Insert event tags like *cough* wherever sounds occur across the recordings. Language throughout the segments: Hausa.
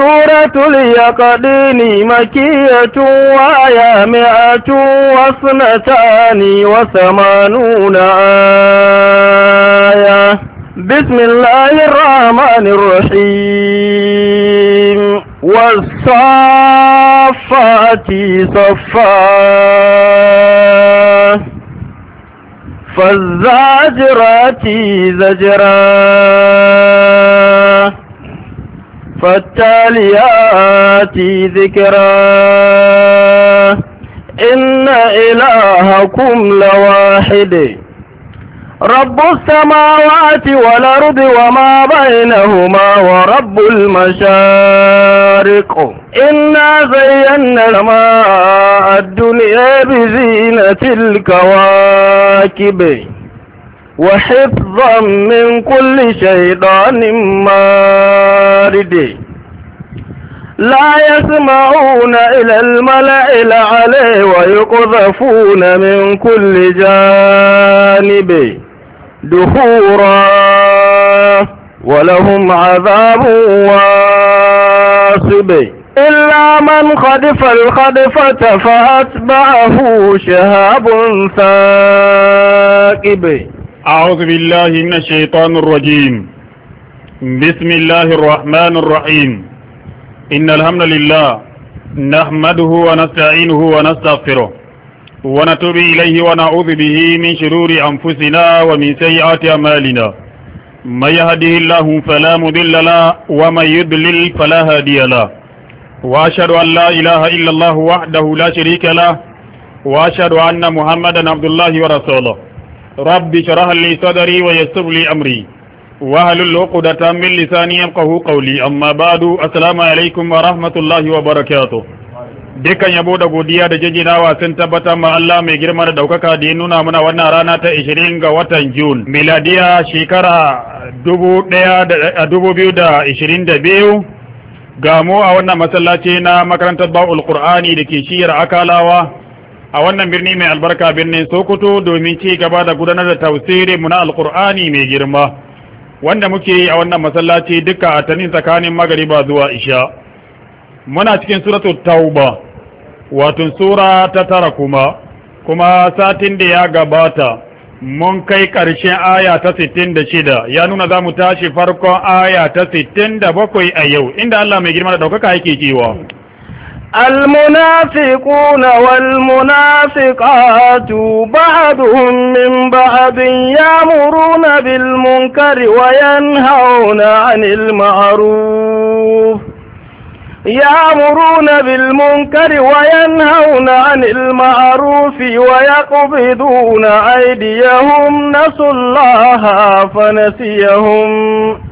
سورة اليقدين مكية وآية مئة واثنتان وثمانون آية بسم الله الرحمن الرحيم والصافات صفا فالزاجرات زجرا فالتاليات ذكرا إن إلهكم لواحد رب السماوات والأرض وما بينهما ورب المشارق إنا زينا الماء الدنيا بزينة الكواكب وحفظا من كل شيطان مارد لا يسمعون إلى الملأ عليه ويقذفون من كل جانب دحورا ولهم عذاب واصب إلا من خدف الخدفة فأتبعه شهاب ثاقب أعوذ بالله من الشيطان الرجيم بسم الله الرحمن الرحيم إن الحمد لله نحمده ونستعينه ونستغفره ونتوب إليه ونعوذ به من شرور أنفسنا ومن سيئات أمالنا من يهده الله فلا مضل له ومن يضلل فلا هادي له وأشهد أن لا إله إلا الله وحده لا شريك له وأشهد أن محمدا عبد الله ورسوله rabbi sharaha li sadari wa yassir amri wa hal al-uqdata min lisani yafqahu qawli amma ba'du assalamu alaykum wa rahmatullahi wa barakatuh dukkan yabo da godiya da jinjinawa sun tabbatar ma Allah mai girma da ɗaukaka da ya nuna mana wannan rana ta 20 ga watan June miladiya shekara 2022 ga mu a wannan masallaci na makarantar Ba'ul Qur'ani dake shiyar Akalawa a wannan birni mai albarka birnin Sokoto domin ci gaba da gudanar da tausiri mu na Alkur'ani mai girma wanda muke yi a wannan masallaci duka a tanin tsakanin magariba zuwa isha muna cikin suratul tauba wato sura ta tara kuma kuma satin da ya gabata mun kai ƙarshen aya ta shida ya nuna za mu tashi farkon aya ta bakwai a yau inda Allah mai girma da ɗaukaka yake cewa المنافقون والمنافقات بعضهم من بعض يامرون بالمنكر وينهون عن المعروف يأمرون بالمنكر وينهون عن المعروف ويقبضون أيديهم نسوا الله فنسيهم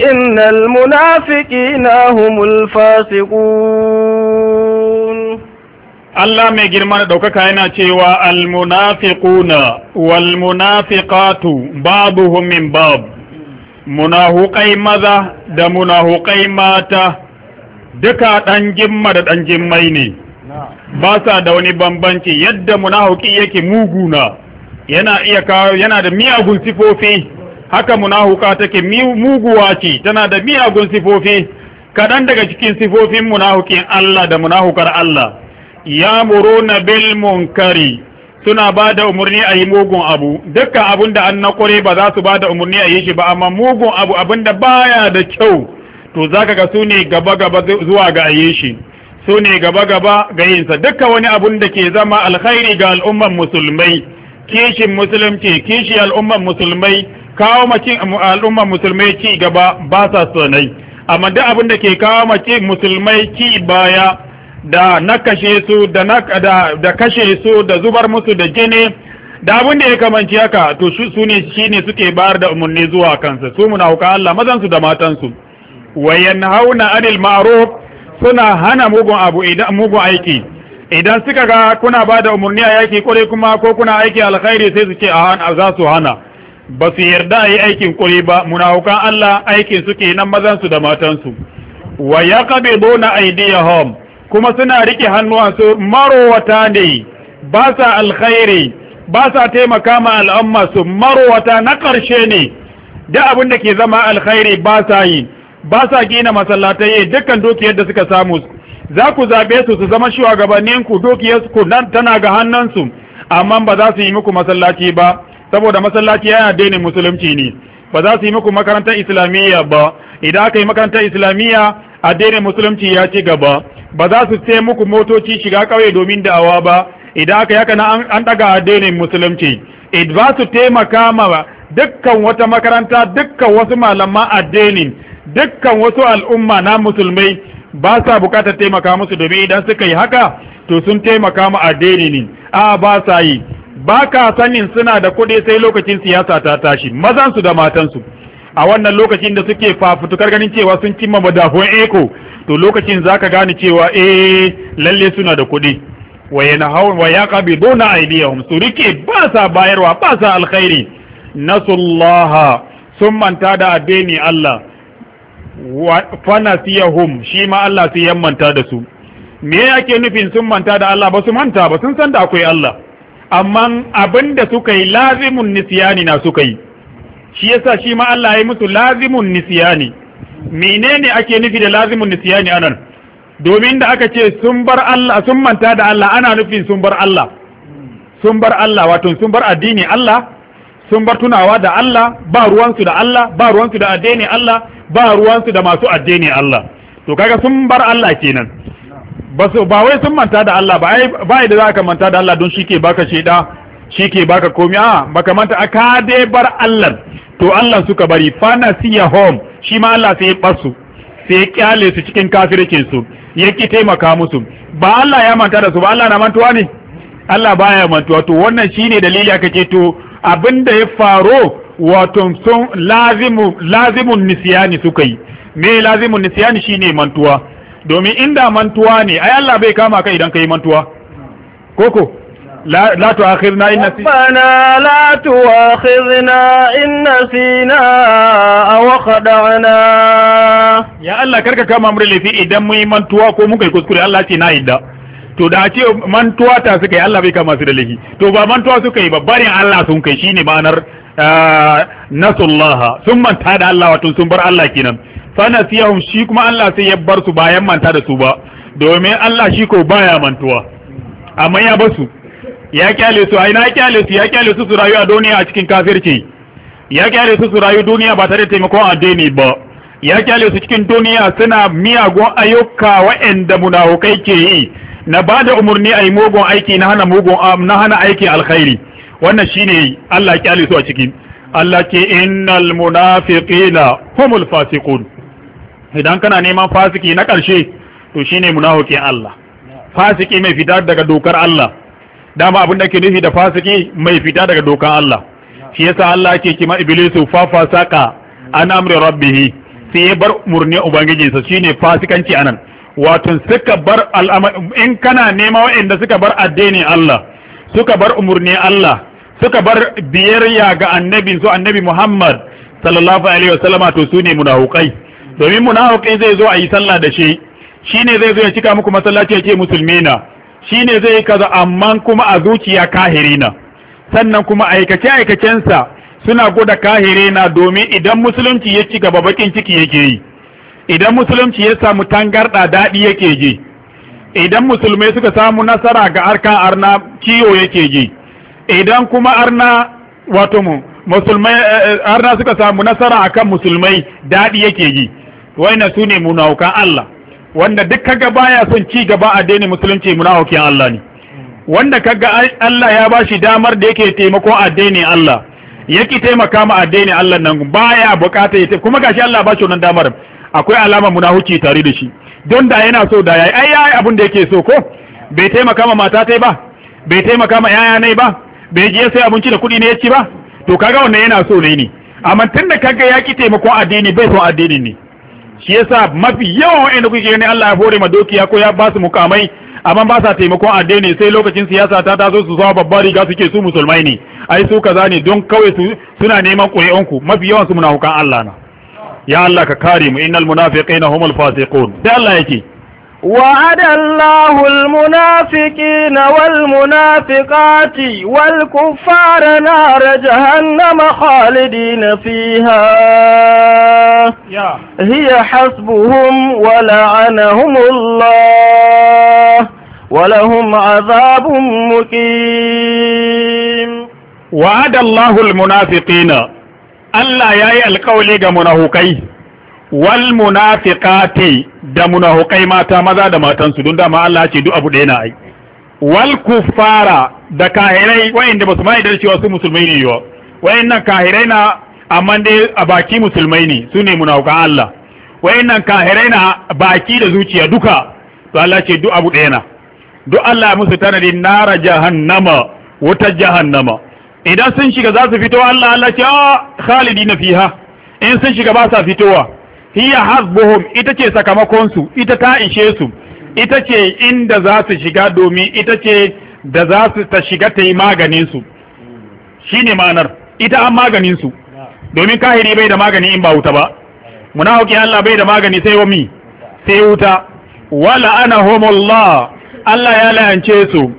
إن المنافقين هم الفاسقون Allah mai girma da ɗaukaka yana cewa almunafiquna walmunafiqatu babuhum babu bab munahuqai maza da munahuqai mata duka ɗan jimma da ɗan jimmai ne ba sa da wani bambanci yadda munahuki yake muguna yana iya kawo yana da miyagun sifofi haka munafuka take muguwa ce tana da miyagun sifofi kaɗan daga cikin sifofin munafukin Allah da munafukar Allah ya na bil munkari suna ba da umarni a yi mugun abu dukkan abun da an na kure ba za su ba da umarni a yi shi ba amma mugun abu abin da baya da kyau to za ka ga su ne gaba-gaba zuwa ga a yi shi su ne gaba-gaba ga yinsa dukkan wani abun da ke zama alkhairi ga al'umman musulmai kishin musulunci kishi al'umman musulmai kawo makin al'umma musulmai ci gaba ba sa sonai amma duk abin da ke kawo makin musulmai ci baya da na kashe su da na da kashe su da zubar musu da jini da abin da ya kamanci haka to su ne shine suke bayar da umarni zuwa kansa su muna munafukan Allah mazan su da matan su wayan hauna anil ma'ruf suna hana mugun abu idan mugun aiki idan suka ga kuna bada da umarni a yaki kwarai kuma ko kuna aiki alkhairi sai su ce a za su hana ba su yarda yi aikin kuri ba munafukan Allah aikin suke nan mazan su da matan su wa aidiya home kuma suna rike hannuwansu marowata ne ba sa alkhairi ba sa taimaka ma al'amma su marowata na ƙarshe ne da abin da ke zama alkhairi ba sa yi ba sa gina masallatai dukkan dukiyar da suka samu za ku zaɓe su su zama shugabanninku dukiyar ku nan tana ga hannunsu amma ba za su yi muku masallaci ba saboda masallaci yana dainin musulunci ne ba za su yi muku makarantar islamiyya ba idan aka yi makarantar islamiyya addinin musulunci ya ci gaba ba za su sai muku motoci shiga kauye domin da'awa ba idan aka yi haka an daga addinin musulunci idan ba su taimaka ma dukkan wata makaranta dukkan wasu malaman addinin dukkan wasu al'umma na musulmai ba sa bukatar taimaka musu domin idan suka yi haka to sun taimaka ma addini ne a ba sa yi ba ka sanin suna da kuɗi sai lokacin siyasa ta tashi mazansu da matansu a wannan lokacin da suke fafutukar ganin cewa sun cimma madafun eko to lokacin zaka gane cewa eh lalle suna da kuɗi wa yanhaun wa yaqbiduna aidiyahum su rike ba sa bayarwa ba sa alkhairi nasullaha sun manta da addini Allah wa fanasiyahum shi ma Allah sai ya manta da su me yake nufin sun manta da Allah ba su manta ba sun san da akwai Allah amma abinda da suka yi lazimun nisiyani na suka yi shi yasa shi ma Allah ya yi musu lazimun nisiyani menene ake nufi da lazimun nisiyani anan domin da aka ce sun bar Allah sun manta da Allah ana nufin sun bar Allah sun bar Allah wato sun bar addini Allah sun bar tunawa da Allah ba ruwansu da Allah ba ruwansu da addini Allah ba ruwansu da masu addini Allah to kaga sun bar Allah kenan ba su ba wai sun manta da Allah ba ai ba da ka manta da Allah don shike baka sheda shike baka komi a baka manta aka dai bar Allah to Allah suka bari fana siya home shi ma Allah sai ya basu sai ya kyale su cikin kafircin su ya ki taimaka musu ba Allah ya manta da su ba Allah na mantuwa ne Allah ba ya mantuwa to wannan shine dalili aka ce to abinda ya faro wato sun lazimu lazimun nisiyani suka yi me lazimun shi shine mantuwa domin inda mantuwa ne ai Allah bai kama ka idan kai mantuwa koko لا, لا la tu akhirna in nasina aw khada'na ya Allah karka kama mu كركا idan mu yi mantuwa ko من kai kuskure Allah ce na إدا to da ce mantuwa ta suka yi Allah bai kama su da lahi to ba mantuwa suka yi ba barin Allah sun kai shine ma'anar ah, nasullaha sun manta da Allah wato sun bar Allah kenan fanasiyahum shi kuma Allah sai ya bar su bayan manta da su ba domin Allah shi ko baya mantuwa amma ya basu ya kyale su aina ya kyale su ya kyale su su rayu a duniya a cikin kafirci ya kyale su su rayu duniya ba tare da taimakon addini ba ya kyale su cikin duniya suna miyagun ayyuka waɗanda munafukai ke yi na ba da umarni a yi mugun aiki na hana mugun aiki alkhairi wannan shine Allah ya kyale su a cikin Allah ke innal munafiqina humul fasiqun idan kana neman fasiki na ƙarshe to shine munafikin Allah fasiki mai fita daga dokar Allah dama abin da ke nufi da fasiki mai fita daga dokar Allah shi yasa Allah ke kima iblisu fa fasaka an amri rabbih sai ya bar murni ubangijinsa shine fasikanci anan wato suka bar al'amar in kana nema wa'anda suka bar addinin Allah suka bar umurni Allah suka bar biyayya ga annabi su annabi Muhammad sallallahu alaihi wasallama to sune munafiqai domin munafiqin zai zo a yi sallah da shi shine zai zo ya cika muku masallaci ya ce musulmi na shine zai yi kaza amma kuma a zuciya kahiri na sannan kuma aikace aikacensa suna goda kahiri na domin idan musulunci ya ci gaba bakin ciki yake yi idan musulunci ya samu tangarda daɗi yake ji idan musulmai suka samu nasara ga arkan arna ciwo yake ji idan kuma arna wato mu musulmai eh, eh, arna suka samu nasara akan musulmai daɗi yake ji waina su ne munafukan Allah wanda duk kaga baya son ci gaba a daina musulunci munafukin Allah ne wanda kaga Allah ya bashi damar da yake taimako a addinin Allah yake taimaka ma addinin Allah nan baya bukata ya kuma gashi Allah bashi wannan damar akwai alama munahuci tare da shi don da yana so da yayi ai yayi abin da yake so ko bai taimaka ma mata tai ba bai taimaka ma yaya nai ba bai je sai abinci da kuɗi ne ya ci ba to kaga wannan yana so ne ne amma tunda kaga yaki taimakon addini bai a addini ne shi yasa mafi yawan da kuke ne Allah ya hore ma dukiya ko ya ba su mukamai amma ba sa taimakon addini sai lokacin siyasa ta taso su zama babbar riga suke su musulmai ne ai su kaza ne don kawai su suna neman ƙuri'unku mafi yawan su munafukan Allah na ya Allah ka kare mu innal munafiqina humul fasiqun sai Allah yake وعد الله المنافقين والمنافقات والكفار نار جهنم خالدين فيها هي حسبهم ولعنهم الله ولهم عذاب مقيم وعد الله المنافقين الله يا القول منافقين wal munafiqati da munafiqai mata maza da matansu don dama Allah ce duk abu ɗaya na ai wal kuffara da kahirai wayanda basu ma idan cewa su musulmai ne yo wayannan kahirai na amma dai a baki musulmai ne su ne munafiqan Allah wayannan kahirai na baki da zuciya duka to Allah ce duk abu ɗaya na duk Allah musu tanadi nara jahannama wutar jahannama idan sun shiga za su fito Allah Allah ce a ah, khalidina fiha in sun shiga ba sa fitowa hiya hasbuhum ita ce sakamakon su ita ta ishe su ita ce inda za su shiga domin ita ce da za su ta shiga ta yi maganin shi ne manar ita an maganin su domin kahiri bai da magani in ba wuta ba munafikin Allah bai da magani sai wami sai wuta wala ana Allah Allah ya layance su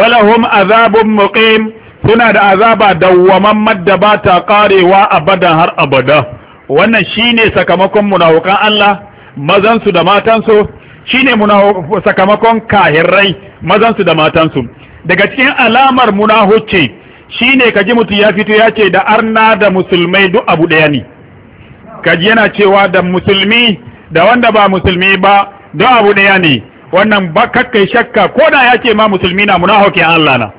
wala hum azabun muqim suna da azaba dawwaman madda ba ta karewa abadan har abada wannan shine sakamakon munawukan Allah mazansu da matansu shine sakamakon kahirrai mazansu da matansu daga cikin alamar munahucce shine kaji mutum ya fito ya ce da arna da musulmai duk abu ɗaya ne kaji yana cewa da musulmi da wanda ba musulmi ba duk abu ɗaya ne wannan ba kakkai shakka ko da ya ce ma musulmi na munahucce Allah na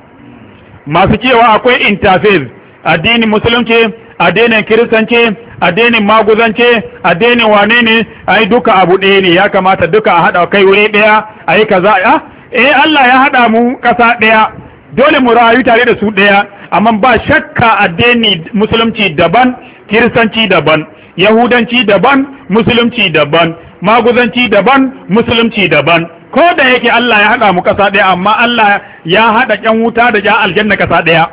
masu cewa akwai interface addinin musulunci addinin kiristanci addinin maguzance addinin wane ne ai duka abu ɗaya ne ya kamata duka a haɗa kai wuri ɗaya a yi kaza a ah, eh Allah ya haɗa mu ƙasa ɗaya dole mu rayu tare da su ɗaya amma ba shakka addini musulunci daban kiristanci daban yahudanci daban musulunci daban maguzanci daban musulunci daban ko da yake Allah ya haɗa mu ƙasa ɗaya amma Allah ya haɗa ƴan wuta da ƴan aljanna ƙasa ɗaya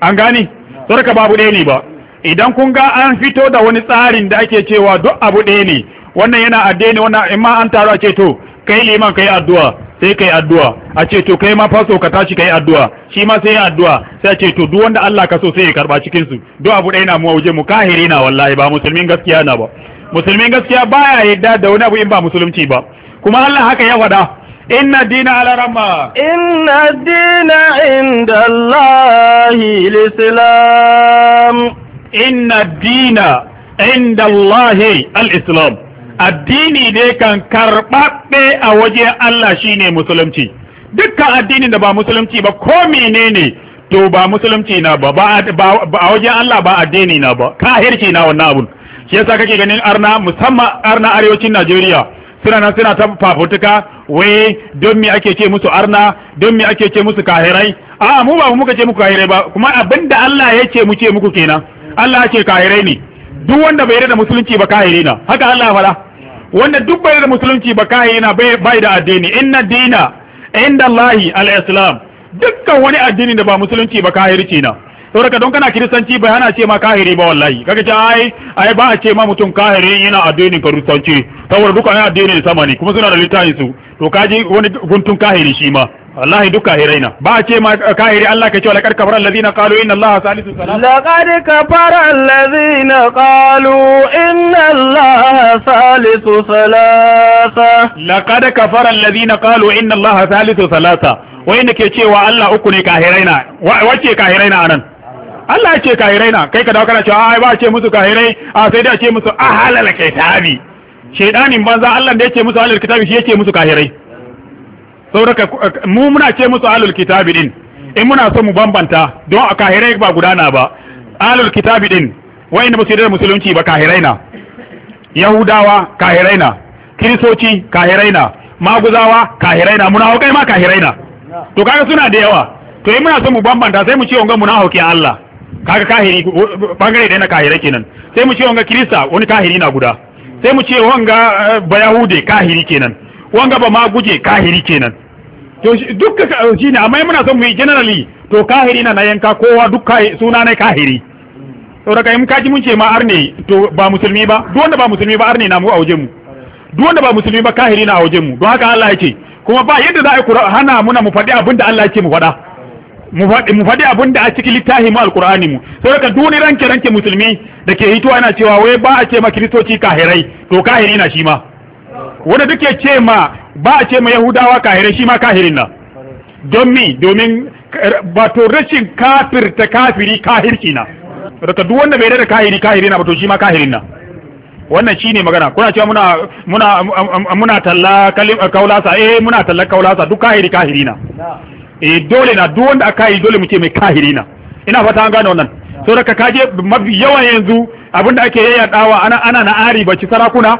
an gani sarka babu ɗaya ne ba idan kun ga an fito da wani tsarin da ake cewa duk abu ɗaya ne wannan yana addini wannan in ma an taru a ce to kai liman kai addu'a sai kai addu'a a ce to kai ma faso ka tashi kai addu'a shi ma sai addu'a sai a ce to duk wanda Allah ka so sai ya karba cikin su duk abu ɗaya na mu waje mu kahiri na wallahi ba musulmin gaskiya na ba musulmin gaskiya baya yadda da wani abu in ba musulunci ba kuma Allah haka ya faɗa Inna dina على رمى Inna dina inda الله الإسلام inna dina inda Allahi al-islam addini ne kan karɓaɓɓe a wajen Allah shine musulunci dukkan addinin da ba musulunci ba ko menene to ba musulunci na ba ba a wajen Allah ba addini na ba kahirci na wannan abun shi yasa kake ganin arna musamman arna arewacin Najeriya suna nan suna ta fafutuka wai don me ake ce musu arna don me ake ce musu kahirai a mu ba muka ce muku kahirai ba kuma abinda Allah ya ce mu ce muku kenan Allah ce kahirai ne duk wanda bai da musulunci ba kahire na haka Allah ya wanda duk bai da musulunci ba kahire na bai da addini inna dina inda Allahi al-islam dukkan wani addini da ba musulunci ba ce na saboda don kana kiristanci bai hana ce ma kahire ba wallahi kaga ce ai ai ba a ce ma mutum kahire yana addinin kiristanci saboda addini addinin sama ne kuma suna da littafin su to kaji wani guntun kahire shi ma wallahi duka kahirai ba a ce ma kahiri Allah ka ce wa laqad kafara allazina qalu inna allaha salisu salasa laqad kafara allazina qalu inna allaha salisu salasa laqad kafara allazina qalu inna allaha salisu salasa wayanda ke cewa Allah uku ne kahirai na wace kahirai na anan Allah ce kahirai na kai ka dawo kana cewa ai ba a ce musu kahirai a sai dai a ce musu ahalal kitabi shedanin banza Allah da ya ce musu ahalal kitabi shi ya ce musu kahirai sauraka eh, mu muna ce musu alul kitabi din in muna so mu bambanta don a kahirai ba gudana ba alul kitabi din wa'inda ba su musulunci ba kahirai na yahudawa kahirai na kiristoci kahirai na maguzawa kahirai na hokai ma kahirai na to kaga suna da yawa to in muna so mu bambanta sai mu ce wanga munafiki Allah kaga kahiri bangare da na kahirai kenan sai mu ce wanga kirista wani kahiri na guda sai mu ce wanga eh, ba kahiri kenan wanga ba maguje kahiri kenan to dukka ka shi ne amma muna son mu yi generally to kahiri na na yanka kowa dukka suna ne kahiri saboda in kaji mun ce ma arne to ba musulmi ba duk wanda ba musulmi ba arne na mu a wajen mu duk wanda ba musulmi ba kahiri na a wajen mu don haka Allah ya ce kuma ba yadda za a yi hana muna mu faɗi abin da Allah ce mu faɗa mu faɗi abin da a ciki littafi mu alkur'ani mu saboda duk wani ranke ranke musulmi da ke hito yana cewa wai ba a ce ma kiristoci kahirai to kahiri na shi ma wanda duke ce ma ba a ce ma yahudawa kahire shi ma kahirin na don mi domin ba to rashin ta kafiri kahirci na daga duk wanda bai da kahiri kahiri na ba to shi ma kahirin na wannan shine magana kuna cewa muna muna muna talla kaulasa eh muna talla kaulasa duk kahiri kahiri na eh dole na duk wanda aka yi dole muke mai kahiri na ina fata an gane wannan so daga kaje mafi yawan yanzu abinda ake yayyadawa ana ana na ari baci sarakuna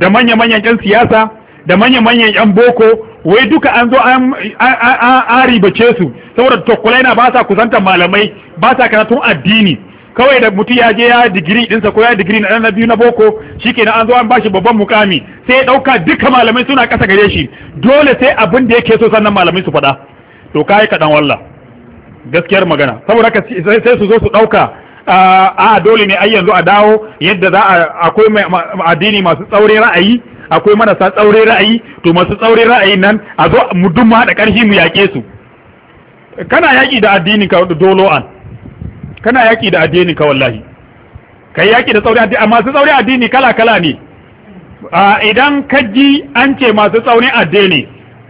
da manya manyan yan siyasa da manya-manyan yan boko wai duka an zo an ribace su saboda tokulai na ba sa kusanta malamai ba sa karatun addini kawai da mutum ya je ya digiri dinsa ko ya digiri na na biyu na boko shikenan an zo an bashi babban mukami sai ya dauka duka malamai suna kasa gare shi dole sai abin da yake so sannan malamai su faɗa to kai kaɗan wallah gaskiyar magana saboda ka sai su zo su ɗauka, a dole ne ai yanzu a dawo yadda za a akwai addini masu tsaurin ra'ayi akwai marasa tsaure ra'ayi to masu tsaure ra'ayi nan a zo mu duk mu haɗa ƙarfi mu yaƙe su kana yaƙi da addini ka dolo an kana yaƙi da addini ka wallahi kai yaƙi da tsaure addini masu tsaure addini kala kala ne A idan kaji an ce masu tsaure addini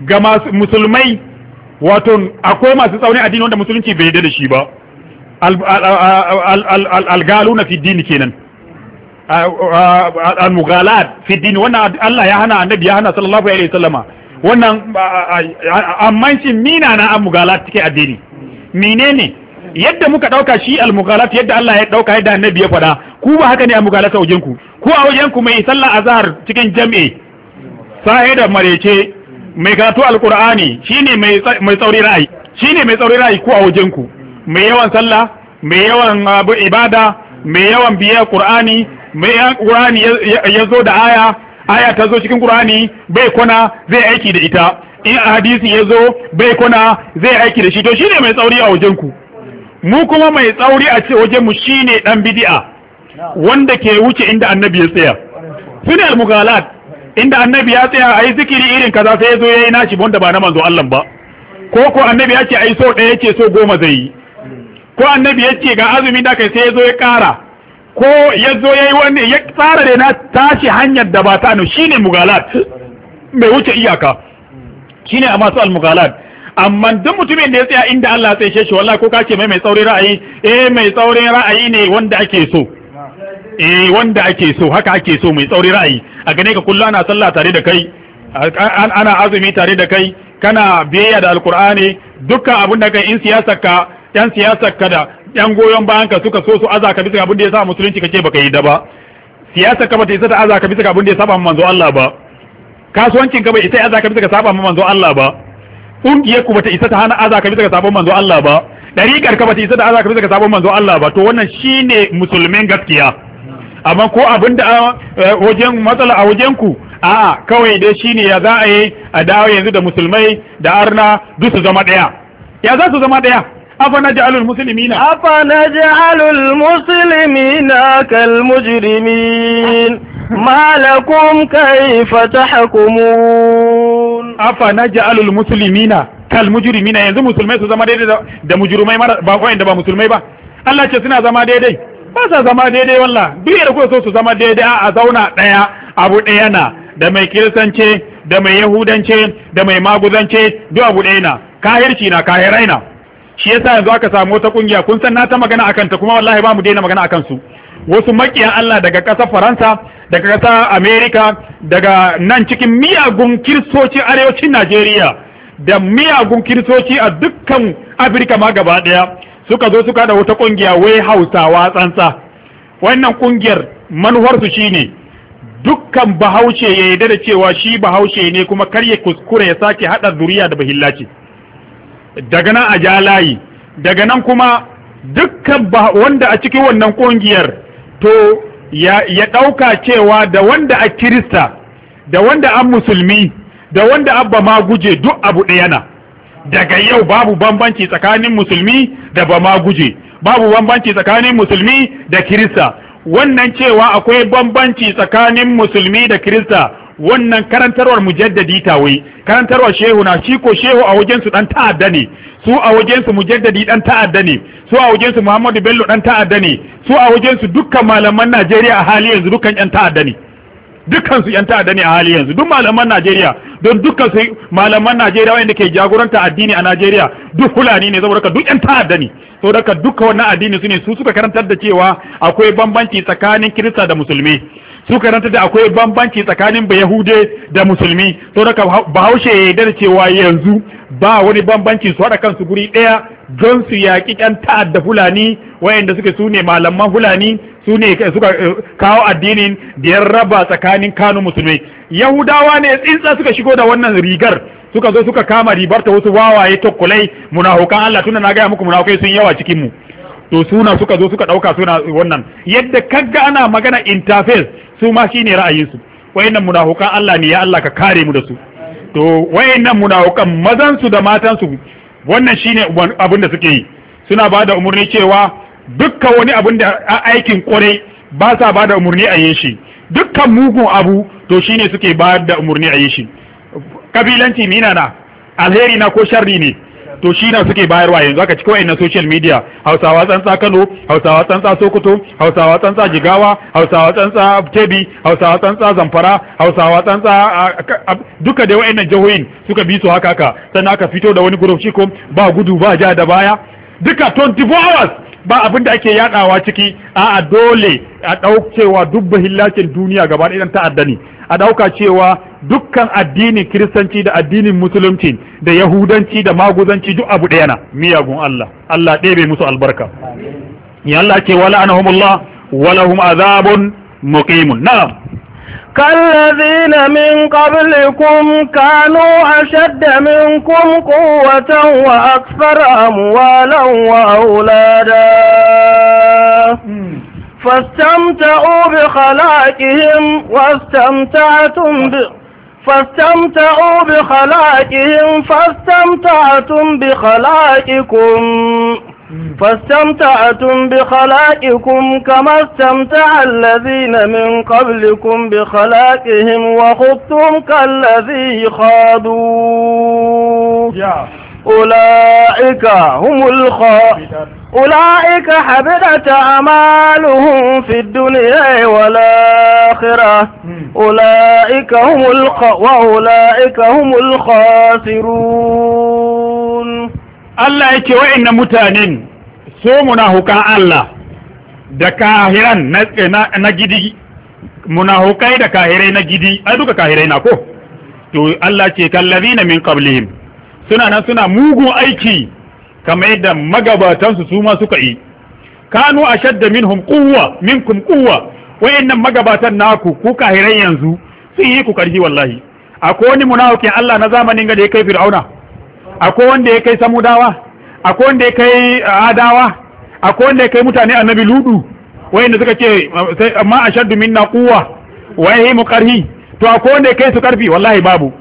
ga masu musulmai wato akwai masu tsaure addini wanda musulunci bai da shi ba al-gaalu algaluna fi dini kenan al-mughalat fi din wannan Allah ya hana annabi ya hana sallallahu alaihi wasallama wannan amma shi mina na al-mughalat take addini menene yadda muka dauka shi al-mughalat yadda Allah ya dauka yadda annabi ya fada ku ba haka ne al-mughalat a wajen ku ku a wajen ku mai sallah azhar cikin jami'i sai da marece mai karatu al-qur'ani shine mai mai tsauri ra'ayi shine mai tsauri ra'ayi ku a wajen ku mai yawan sallah mai yawan ibada mai yawan biya qur'ani mai 'yan Qur'ani ya zo da aya aya ta zo cikin Qur'ani bai kuna zai aiki da ita in hadisi ya zo bai kuna zai aiki da shi to shine mai tsauri a wajenku. mu kuma mai tsauri a ce wajen mu shine dan bid'a wanda ke wuce inda annabi ya tsaya sune al-mughalat inda annabi ya tsaya yi zikiri irin kaza sai ya zo yayi nashi wanda ba na manzo Allah ba ko ko annabi ya ce yi so ɗaya ce so goma zai yi ko annabi ya ce ga azumi da kai sai ya zo ya ƙara ko ya zo ya yi wani ya tsara da na tashi hanyar da ba ta shine mugalat mai wuce iyaka shine a masu almugalat amma duk mutumin da ya tsaya inda Allah sai shi wallahi ko ka ce mai mai tsaurin ra'ayi eh mai tsaurin ra'ayi ne wanda ake so eh wanda ake so haka ake so mai tsaurin ra'ayi a gane ka kullu ana sallah tare da kai ana azumi tare da kai kana biyayya da alkur'ani dukkan abin da kai in siyasar ka yan siyasar ka da yan goyon bayan ka suka so su aza ka bisa abin da ya sa musulunci kace baka yi da ba siyasa ka bata isa ta aza ka bisa abin da ya saba manzo Allah ba kasuwancin ka bai isa aza ka bisa ka saba manzo Allah ba kungiyar ku bata isa ta hana aza ka bisa ka saba manzo Allah ba dariƙar ka bata isa ta aza ka bisa ka saba manzo Allah ba to wannan shine musulmin gaskiya amma ko abin da eh, wajen matsala a wajen ku a kawai dai shine ya za a yi a dawo yanzu da musulmai da arna duk su zama daya ya za su zama daya أفنجعل المسلمين afana المسلمين كالمجرمين ما لكم كيف تحكمون أفنجعل المسلمين كالمجرمين ينزل مسلمين سوزما ديدي دا ba با da دا مسلمين با الله ce suna zama daidai ba sa zama daidai wallah duk yadda kuwa so su zama daidai a zauna ɗaya abu ɗaya na da mai kirisance da mai yahudance da mai maguzance duk abu ɗaya na kahirci na kahirai na shi yasa yanzu aka samu wata kungiya kun san na ta magana akan ta kuma wallahi ba mu daina magana akan su wasu makiya Allah daga ƙasar Faransa daga ƙasar Amerika daga nan cikin miyagun kiristoci arewacin Najeriya da miyagun kiristoci a dukkan Afirka ma gaba ɗaya suka zo suka da wata kungiya wai Hausawa tsantsa wannan kungiyar su shine dukkan bahaushe ya yarda da cewa shi bahaushe ne kuma kar ya kuskure ya sake haɗa zuriya da bahillaci daga nan a ja layi daga nan kuma dukkan wanda a cikin wannan kungiyar to ya ɗauka cewa da wanda a kirista da wanda an musulmi da wanda abba ma guje duk abu ɗaya na daga yau babu bambanci tsakanin musulmi da ba ma guje babu bambanci tsakanin musulmi da kirista wannan cewa akwai bambanci tsakanin musulmi da kirista wannan karantarwar mujaddadi wai karantarwar shehu na shi ko shehu a wajen su dan ta'adda ne su a wajen su mujaddadi dan ta'adda ne su a wajen su Muhammadu Bello dan ta'adda ne su a wajen su dukkan malaman Najeriya a hali yanzu dukkan yan ta'adda ne dukkan su yan ta'adda ne a hali yanzu duk malaman Najeriya don dukkan su malaman Najeriya wanda ke jagoranta addini a Najeriya duk fulani ne saboda duk yan ta'adda ne saboda duka wannan addini su ne su suka karantar da cewa akwai bambanci tsakanin Kirista da Musulmi su karanta da akwai bambanci tsakanin ba yahude da musulmi to daga bahaushe ya yarda cewa yanzu ba wani bambanci su haɗa kansu guri ɗaya don su yaƙi ƴan ta'adda fulani wayanda suke su ne malaman fulani su suka eh, kawo addinin da ya raba tsakanin kanu musulmi yahudawa ne tsintsa suka shigo da wannan rigar suka zo suka kama ribar ta wasu wawaye tokkulai munafukan Allah tunda na gaya muku munafukai sun yawa cikin mu to suna suka zo suka ɗauka suna wannan yadda kaga ana magana interface su ma shine ra'ayinsu wayannan munafukan Allah ne ya Allah ka kare mu da su to wayannan munafukan mazan su da matan su wannan shine abin da suke yi suna ba da umarni cewa dukkan wani abin da aikin kwarai ba sa ba da umarni a yin shi dukkan mugun abu to shine suke ba da umarni a yin shi kabilanci mina na alheri na ko sharri ne to shi na suke bayarwa yanzu aka cika wayannan social media hausawa tsantsa kano hausawa tsantsa sokoto hausawa tsantsa jigawa hausawa tsantsa Tebi, hausawa tsantsa zamfara hausawa tsantsa duka da wayannan jihohin suka bi su haka haka sannan aka fito da wani group shi ko ba gudu ba ja da baya duka 24 hours ba abin da ake yadawa ciki a'a dole a daukewa dubba hillacin duniya gaba ɗaya ta'adda ne a ɗauka cewa dukkan addinin kiristanci da addinin musulunci da yahudanci da maguzanci duk abu ɗaya na miyagun Allah Allah ɗebe musu albarka ya Allah ce wala anahumullah wala hum azabun muqimun na'am كالذين من قبلكم كانوا أشد منكم قوة وأكثر أموالا وأولادا فاستمتعوا بخلاقهم واستمتعتم ب... فاستمتعوا بخلاقهم فاستمتعتم بخلاقكم فاستمتعتم بخلاقكم كما استمتع الذين من قبلكم بخلاقهم وخذتم كالذي خاضوا yeah. أولئك هم الخاسرون أولئك حبدت أعمالهم في الدنيا والآخرة أولئك هم الخ... وأولئك هم الخاسرون الله يكي وإن متانين سومنا هكا الله da kahiran na gidi munahukai da kahirai na gidi ai duka kahirai na ko to Allah ce kallazina min qablihim suna nan suna mugun aiki kamar yadda magabatansu su ma suka yi kanu ashadda minhum quwwa minkum quwwa wayannan magabatan naku ku kahiran yanzu sun yi ku karfi wallahi akwai wani munafikin Allah na zamanin ga da ya kai fir'auna akwai wanda ya kai samudawa akwai wanda ya kai uh, adawa akwai wanda ya kai mutane annabi ludu wayanda suka ce uh, amma ashaddu minna quwwa wayahi mu karhi to akwai wanda ya kai su karfi wallahi babu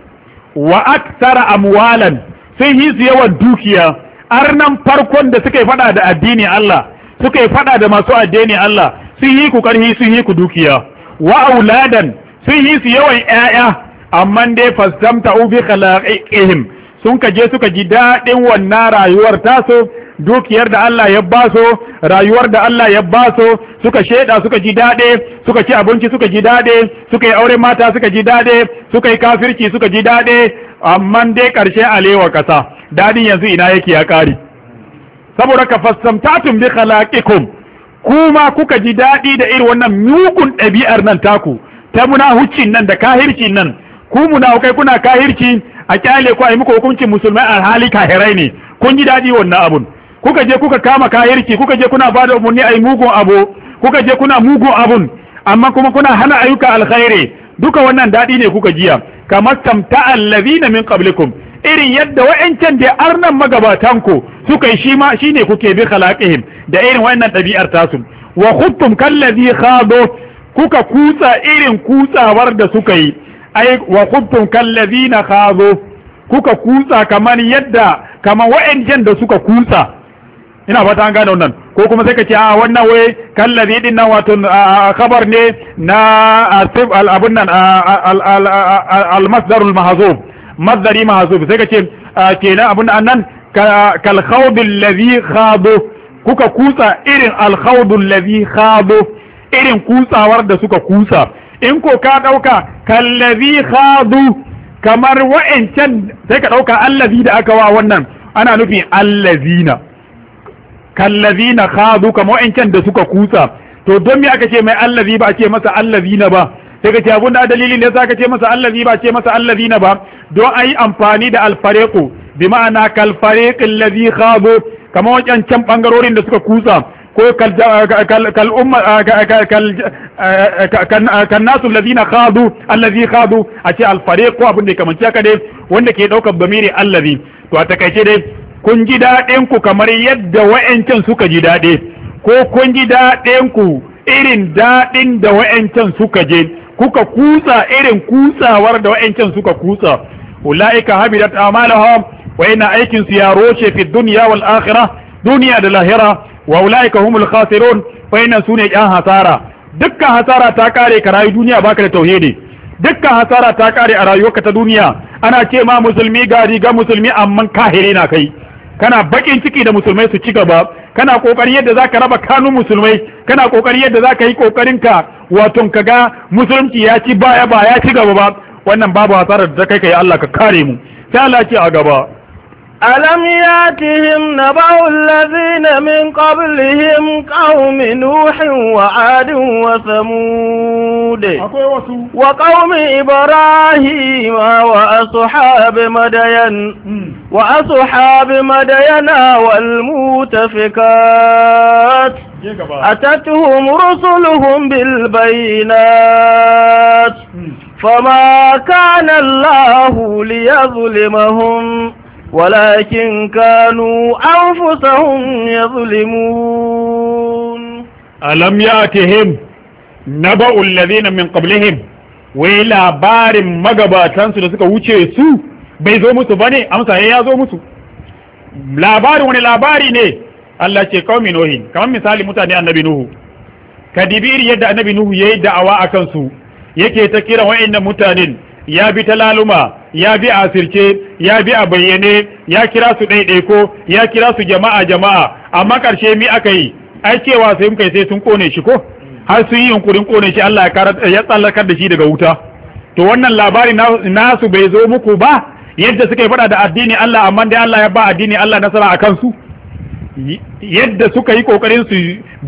wa aktsara amwalan sun yi su yawan dukiya arnan farkon da suka yi fada da addini Allah suka yi fada da masu addini Allah sun yi ku karhi sun yi ku dukiya wa auladan sun yi su yawan ƴaƴa amma dai fasamta u bi khalaqihim sun ka suka ji dadin wannan rayuwar taso dukiyar da Allah ya ba su rayuwar da Allah ya ba su suka sheda suka ji dade suka ci abinci suka ji dade suka yi aure mata suka ji dade suka yi kafirci suka ji dade amma dai ƙarshe alewa ƙasa dadin yanzu ina yake ya ƙari saboda ka fassamtatun bi khalaqikum kuma kuka ji daɗi da irin wannan mugun ɗabi'ar nan taku ta hucci nan da kahircin nan ku kai kuna kahirci a kyale ku a yi muku hukuncin musulmai a hali kahirai ne kun ji daɗi wannan abun kuka je kuka kama kahirci kuka je kuna bada umurni a yi mugun abu kuka je kuna mugun abun amma kuma kuna hana ayyuka alkhairi duka wannan daɗi ne kuka jiya kamar tamta'a allazina min qablikum irin yadda wa'ancan da arnan magabatan ku suka yi shi ma shine kuke bi khalaqihim da irin wannan ɗabi'ar tasu wa khuttum kallazi khado kuka kutsa irin kutsawar da suka yi ai wa khuttum kallazina khado kuka kutsa kamar yadda kamar wa'ancan da suka kutsa ina fata an gane wannan ko kuma sai ka ce a wannan wai kallazi din nan wato khabar ne na asif al abun nan al masdar al mahzuf masdari mahzuf sai ka ce kenan abun annan kal khawd allazi khadu kuka kutsa irin al khawd allazi khadu irin kutsawar da suka kutsa in ko ka dauka kallazi khadu kamar wa'ancan sai ka dauka allazi da aka wa wannan ana nufin allazina kallazina khadu kamar wa'ancan da suka kutsa to don me aka ce mai allazi ba a ce masa allazina ba sai ka ce abun da dalilin da yasa aka ce masa allazi ba a ce masa na ba don ayi amfani da alfariqu bi ma'ana kal fariq allazi khadu kamar wa'ancan bangarorin da suka kutsa ko kal umma kan nasu allazina khadu allazi khadu a ce alfariqu abun da kamanci haka dai wanda ke daukar bamiri allazi to a takaice dai kun ji daɗin kamar yadda wa'ancan suka ji daɗe ko kun ji daɗinku irin daɗin da wa'ancan suka je kuka kusa irin kutsawar da wa'ancan suka kutsa ulaika habidat amalahum wa ina aikin su ya roshe fi dunya wal akhirah duniya da lahira wa ulaika humul khasirun wa ina sune yan hasara dukkan hasara ta kare ka rayu duniya baka da tauhidi dukkan hasara ta kare a rayuwarka ta duniya ana ce ma musulmi gari ga musulmi amman kahiri na kai kana bakin ciki da musulmai su ci gaba kana kokari yadda zaka raba kanun musulmai kana kokari yadda zaka yi kokarin ka wato kaga musulunci ya ci baya ba ya ci gaba ba wannan babu hasarar da kai kai Allah ka kare mu sai Allah ce a gaba ألم ياتهم نبأ الذين من قبلهم قوم نوح وعاد وثمود وقوم إبراهيم وأصحاب مدين وأصحاب مدين والمؤتفكات أتتهم رسلهم بالبينات فما كان الله ليظلمهم ولكن كانوا أنفسهم يظلمون ألم يأتهم نبأ الذين من قبلهم ولا بار مغباتان su da suka wuce su bai zo musu bane amsa ya zo musu labarin wani labari ne Allah ce kaumi nohi kamar misali mutane annabi nuhu kadibir yadda annabi nuhu yayi da'awa kansu, su yake ta kira wa'annan mutanen ya bi ta laluma ya bi a asirce ya bi a bayyane ya kira su ko, ya kira su jama'a jama'a amma ƙarshe mi aka yi ai cewa sai muka sai sun kone shi ko har sun yi yunkurin kone shi Allah ya tsallakar da shi daga wuta to wannan labari nasu bai zo muku ba yadda suka yi faɗa da addini Allah amma dai Allah ya ba addini Allah nasara a kansu yadda suka yi kokarin su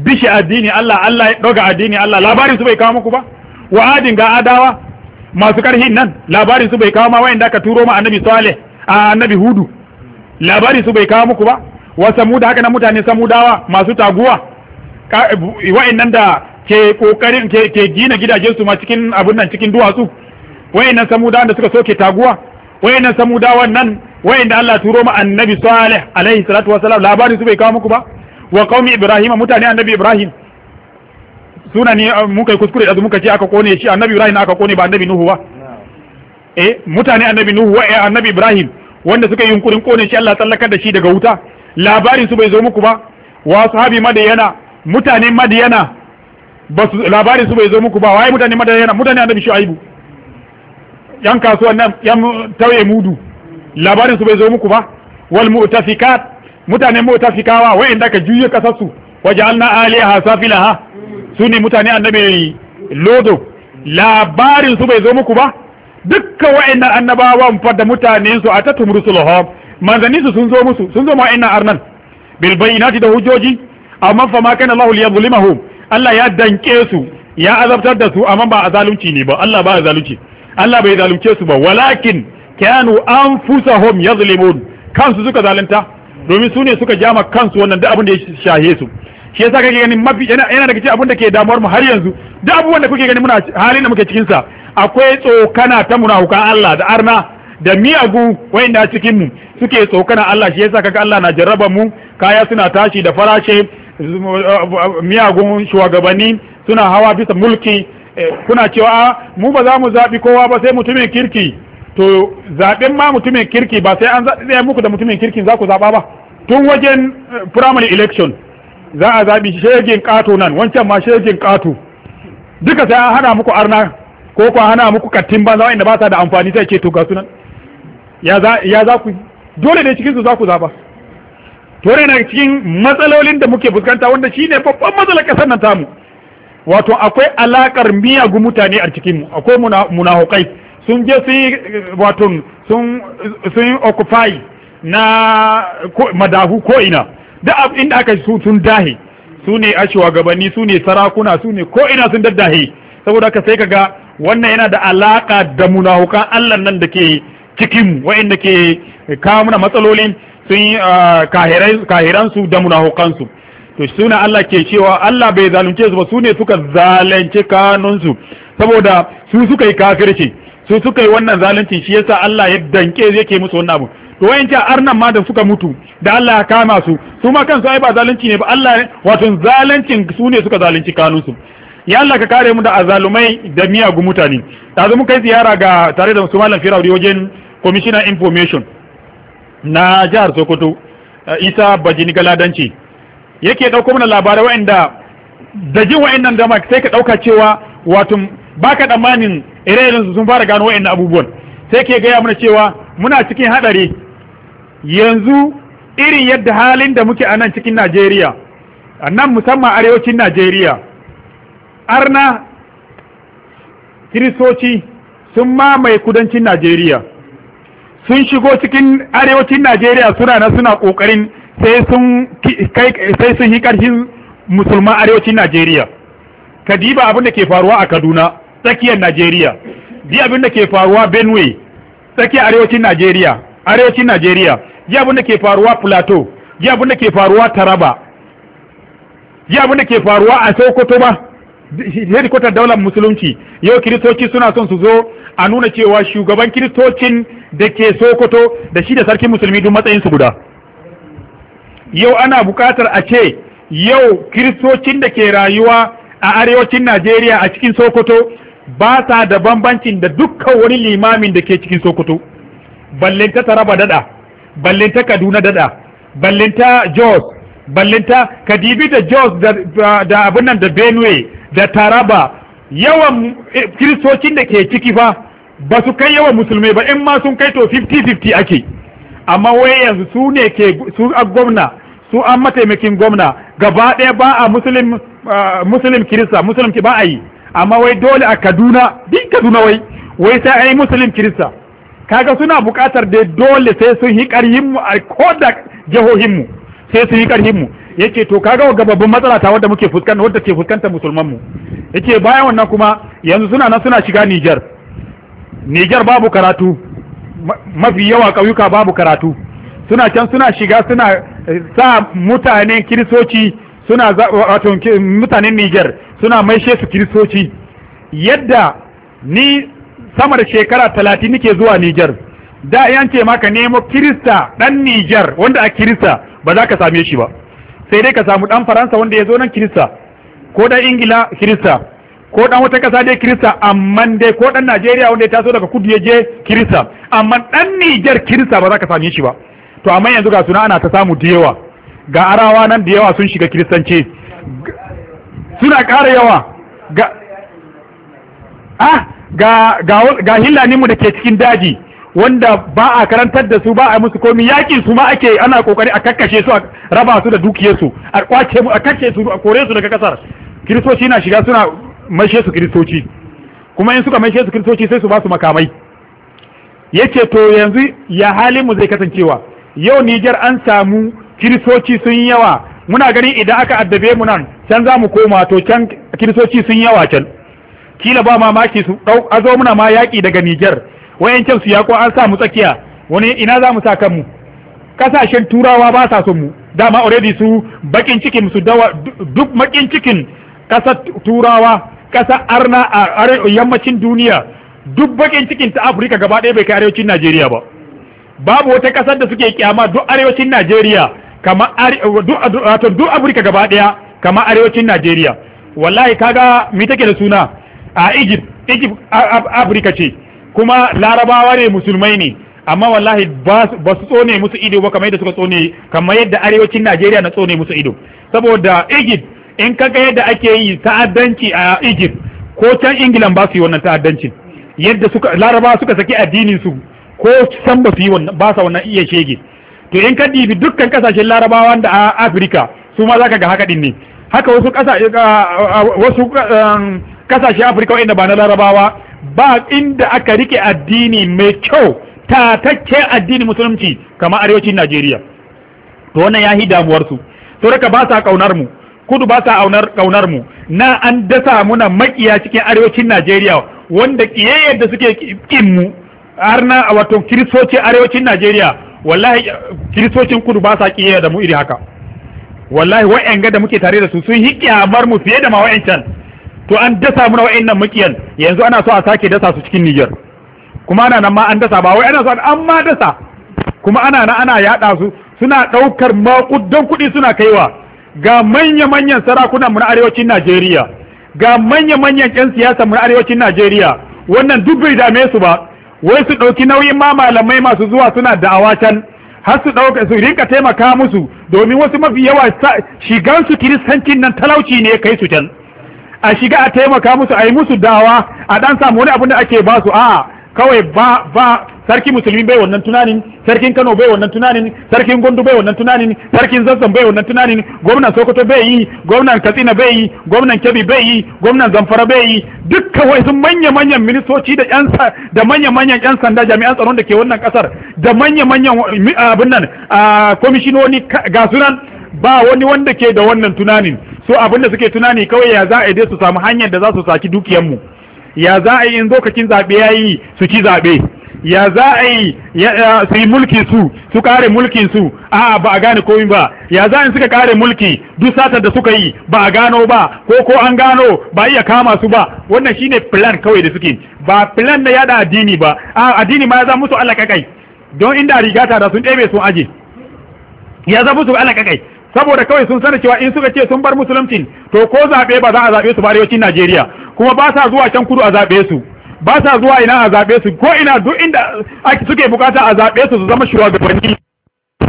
bishi addini Allah Allah ya doga addini Allah labarin su bai kawo muku ba Wa'adin ga adawa masu karhin nan labarin su bai kawo ma wayanda aka turo ma annabi salih a annabi hudu labarin su bai kawo muku ba wa samuda haka nan mutane samudawa masu taguwa wayannan da ke kokarin ke, ke gina gidajen su ma cikin abun nan cikin duwatsu wayannan samudawa da suka soke taguwa wayannan samudawan nan wayanda Allah turo ma annabi salih alaihi salatu wasalam labarin su bai kawo muku ba wa qaumi ibrahim mutane annabi ibrahim suna ne ah, muka yi kuskure da muka ce aka kone shi annabi ibrahim aka kone ba annabi nuhu ba eh mutane annabi nuhu wa eh annabi ibrahim wanda suka yi yunkurin kone shi Allah tsallakar da shi daga wuta labarin su bai zo muku ba wa sahabi madiyana mutane madiyana ba su labarin su bai zo muku ba waye mutane madiyana mutane annabi shu'aibu yan kasuwan nan yan tauye mudu labarin su bai zo muku ba wal mu'tafikat mutane mu'tafikawa wa'inda ka juye kasar su waja'alna aliyaha safilaha su ne mutane annabi lodo labarin su bai zo muku ba dukka wa'annan annabawan fa da mutanen su atatum rusuluhum manzani su sun zo musu sun zo ma wa'annan arnan bil bayinati da hujjoji amma fa ma kana Allahu liyadhlimahum Allah ya danke su ya azabtar da su amma ba azalunci ne ba Allah ba azalunci Allah bai zalunce su ba walakin kanu anfusahum yadhlimun kansu suka zalunta domin su ne suka jama kansu wannan da abin da ya shahe su shi yasa kake ganin mafi yana daga cikin abin da ke damuwar mu har yanzu duk abubuwan da kuke ganin muna halin da muke cikin sa akwai tsokana ta hukan Allah da arna da miyagu wayanda cikin mu suke tsokana Allah shi yasa kaga Allah na jarraba mu kaya suna tashi da farashe uh, uh, uh, miyagun shugabanni suna hawa bisa mulki eh, kuna cewa ah, mu ba za mu zaɓi kowa ba sai mutumin kirki to zaɓen ma mutumin kirki ba sai an zaɓi muku da mutumin kirki za ku zaɓa ba tun wajen eh, primary election za a zabi shegin ƙato nan wancan ma shegin ƙato duka sai an hana muku arna ko kuwa hana muku kattin banza inda ba sa da amfani sai ce to ga sunan ya za ku dole ne cikin su za ku zaba to ne cikin matsalolin da muke fuskanta wanda shine babban matsalar ƙasar nan tamu wato akwai alakar miyagu mutane a cikin mu akwai munahukai sun je sun yi wato sun sun occupy na madahu ko ina duk abin da aka su sun dahe su ne a shugabanni su ne sarakuna su ne ko ina sun daddahe saboda ka sai kaga wannan yana da alaka da munahuka Allah nan da ke cikin wa'inda ke kawo muna matsalolin sun kahiran su da to su to Allah ke cewa Allah bai zalunce su ba su ne suka zalunce kanunsu saboda su suka yi kafirci su suka yi wannan zalunci shi yasa Allah ya danke yake musu wannan abu to a arnan ma da suka mutu da Allah ya kama su su ma kansu ai ba zalunci ne ba Allah wato zaluncin su ne suka zalunci kanunsu ya Allah ka kare mu da azalumai da miyagun mutane yanzu mun kai ziyara ga tare da musulman firawdi wajen commissioner information na jihar Sokoto eh, Isa Bajini Galadanci yake dauko mana labarai wa'anda da jin wa'annan dama sai ka dauka cewa wato baka tsammanin ire-iren sun fara gano wa'annan abubuwan sai ke gaya mana cewa muna cikin hadari yanzu irin yadda halin da muke a nan cikin najeriya a nan musamman arewacin najeriya arna kiristoci sun mamaye kudancin najeriya sun shigo cikin arewacin najeriya suna na suna kokarin sai sun sai sun yi musulman arewacin najeriya kadiba abin da ke faruwa a kaduna tsakiyar najeriya bi abin da ke faruwa benue tsakiyar arewacin najeriya arewacin najeriya ji abin da ke faruwa plateau ji abin da ke faruwa taraba ji abin da ke faruwa a sokoto ba headquarter daular musulunci yau kiristoci suna son su zo a nuna cewa shugaban kiristocin da ke sokoto da shi da sarkin musulmi duk matsayinsu guda yau ana bukatar a ce yau kiristocin da ke rayuwa a arewacin najeriya a cikin sokoto ba sa da bambancin da dukkan wani limamin da ke cikin sokoto ballen ta Taraba dada ballin ta kaduna dada ballin ta jos ballin ta kadibi da jos da abin nan da benue da taraba yawan eh, kiristocin da ke ciki fa ba su kai yawan musulmai ba in ma sun kai to 50-50 ake amma wai yanzu su ne ke su a gwamna su an mataimakin gwamna gaba ɗaya ba a musulun musulun kirista musulun ba a yi amma wai dole a kaduna din kaduna wai wai sai a yi musulun kirista kaga suna buƙatar dai dole sai sun yi ƙarhin mu a ko da jihohin mu sai sun yi ƙarhin mu yace to kaga wa babban matsala ta wadda muke fuskanta wadda ke fuskanta musulman mu yace bayan wannan kuma yanzu suna nan suna shiga Niger Niger babu karatu mafi yawa ƙauyuka babu karatu suna can suna shiga suna eh, sa mutanen kiristoci suna wato mutanen Niger suna maishe su kiristoci yadda ni sama da shekara talatin nake zuwa Nijar da yan ce maka nemo kirista ɗan Nijar wanda a kirista ba za ka same shi ba sai dai ka samu dan Faransa wanda ya zo nan kirista ko dan Ingila kirista ko dan wata ƙasa dai kirista amma dai ko dan Najeriya wanda ya taso daga kudu ya je kirista amma ɗan Nijar kirista ba za ka same shi ba to amma yanzu ga suna ana ta samu da yawa ga arawa nan da yawa sun shiga kiristanci suna ƙara yawa ga ah ga ga hillanin mu ke cikin daji wanda ba a karantar da su ba a musu komi yakin su ma ake ana kokari a kakkashe su a raba su da dukiyarsu su a kwace mu a kace su a kore su daga kasar kiristoci na shiga suna maishe su kiristoci kuma in suka maishe su kiristoci sai su ba su makamai yace to yanzu ya halin mu zai kasancewa yau Niger an samu kiristoci sun yawa muna ganin idan aka addabe mu nan can za mu koma to can kiristoci sun yawa can kila ba mamaki su dau zo muna ma yaki daga Niger wayancin su ko an sa mu tsakiya wani ina za mu sa kanmu kasashen turawa ba sa son mu dama already su bakin cikin su dawa duk makin cikin kasar turawa kasa arna a yammacin duniya duk bakin cikin ta Afirka gaba ɗaya bai kai arewacin Najeriya ba babu wata kasar da suke kyama duk arewacin Najeriya kamar duk Afirka gaba ɗaya kamar arewacin Najeriya wallahi kaga me take da suna a egypt egypt afirka ce kuma larabawa ne musulmai ne amma wallahi ba su tsone musu ido ba kamar yadda suka tsone kamar yadda arewacin najeriya na tsone musu ido saboda egypt in kaga yadda ake yi ta'addanci a egypt ko can ingilan ba su yi wannan ta'addanci yadda suka larabawa suka saki addinin su ko san ba su yi wannan ba sa wannan iya shege to in ka dibi dukkan kasashen larabawa da a afirka su ma zaka ga haka din ne haka wasu kasa wasu um, kasashe afirka wa'inda ba na larabawa ba inda aka rike addini mai kyau tatakken addini musulunci kamar arewacin najeriya to wannan ya yi damuwarsu to raka ba sa kaunar mu kudu ba sa kaunar mu na an dasa muna makiya cikin arewacin najeriya wanda kiyayyar da suke kin mu har na wato kiristocin arewacin najeriya wallahi kiristocin kudu ba sa kiyayya da mu iri haka wallahi wa'yan ga da muke tare da su sun hi kyamar mu fiye da ma can. to an dasa muna wa'annan makiyan yanzu ana so a sake dasa su cikin Niger kuma ana nan ma an dasa ba wai ana so an ma dasa kuma ana nan ana yada su suna daukar makudan kuɗi suna kaiwa ga manya-manyan sarakunan mu na arewacin Najeriya ga manya-manyan ƴan siyasa mu na arewacin Najeriya wannan duk bai dame su ba wai su ɗauki nauyin ma malamai masu zuwa suna da can har su dauka su rinka taimaka musu domin wasu mafi yawa shigan su kiristancin nan talauci ne kai su can a shiga a taimaka musu a yi musu dawa a dan samu wani abin da ake ba su a kawai ba ba sarki musulmi bai wannan tunanin sarkin kano bai wannan tunanin sarkin gondo bai wannan tunanin sarkin zazzan bai wannan tunanin gwamnan sokoto bai yi gwamnan katsina bai yi gwamnan kebbi bai yi gwamnan zamfara bai yi dukkan wasu manya-manyan ministoci da yan da manya-manyan yan sanda jami'an tsaron da ke wannan kasar da manya-manyan abin nan komishinoni ga sunan ba wani wanda ke da wannan tunanin abin abinda suke tunani kawai ya za a su samu hanyar da za su saki dukiyanmu ya za a yi in lokacin ya yi su ci zaɓe ya za a yi su yi mulki su su kare mulkin su a ba a gane komi ba ya za in suka kare mulki duk satar da suka yi ba a gano ba ko ko an gano ba iya kama su ba wannan shine plan kawai da suke ba plan na yada addini ba a addini ma ya za musu Allah kakai don inda rigata da sun ɗebe sun aje ya za musu Allah kakai saboda kawai sun sani cewa in suka ce sun bar musulunci to ko zaɓe ba za a zaɓe su ba arewacin Najeriya kuma ba sa zuwa can kudu a zaɓe su ba sa zuwa ina a zaɓe su ko ina duk inda ake suke bukata a zaɓe su su zama shugabanni